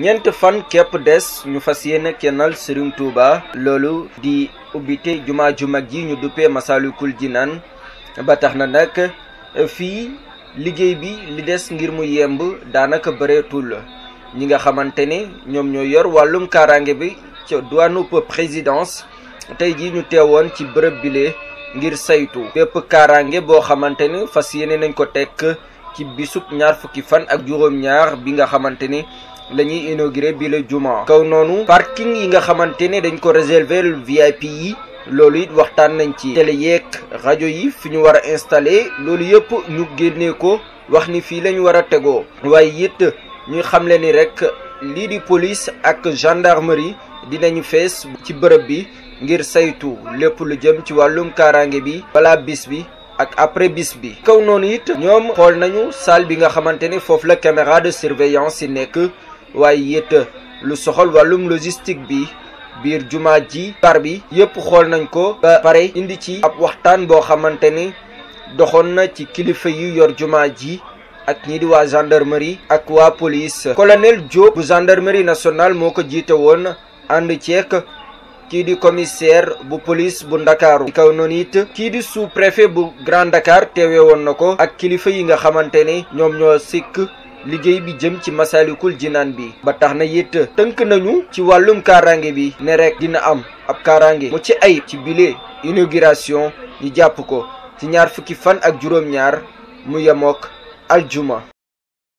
ñeent fan képp des ñu fas yéene kennal Serigne Touba loolu di ubbite jumaa ju mag ji ñu duppee Massalikul Jinaan ba tax na nag fii liggéey bi li des ngir mu yemb daanaka bëreetul ñi nga xamante ne ñoom ñoo yor wàllum kaaraange bi ca duwaanu présidence tey ji ñu teewoon ci bërëb bile ngir saytu bépp kaaraange boo xamante ne fas yéene nañ ko tekk ci bisub ñaar fukki fan ak juróom-ñaar bi nga xamante ni lañuy ñuy inauguré bi la juma kaw noonu parking yi nga xamante ne dañ ko réserver VIP yi loolu it waxtaan nañ ci télé yeeg rajo yi fi ñu war a installé loolu yëpp ñu génnee ko wax ni fii lañ war a tegoo waaye it ñu xamle ni rek lii di police ak gendarmerie dinañu fees ci bërëb bi ngir saytu lépp lu jëm ci wàllum kaaraange bi balaa bis bi ak après bis bi kaw noonu it ñoom xool nañu salle bi nga xamante ne foofu la caméra de surveillance yi nekk waaye it lu soxal wàllum logistique bi biir jumaa ji par bi yëpp xool nañ ko ba pare indi ci ab waxtaan boo xamante ni doxoon na ci kilifa yi yor jumaa ji ak ñii di waa gendarmerie ak waa police colonel Diop bu gendarmerie nationale moo ko jiite woon ànd ceek kii di commissaire bu police bu ndakaaru ci kaw noonu kii di sous préfet bu Grand Dakar teewe woon na ko ak kilifa yi nga xamante ni ñoom ñoo sikk liggéey bi jëm ci masalikul jinaan bi ba tax na it tënk nañu ci wàllum kaaraange bi ne rek dina am ab kaaraange mu ci ay ci bile inauguration ñu jàpp ko ci ñaar fukki fan ak juróom-ñaar mu yemook aljuma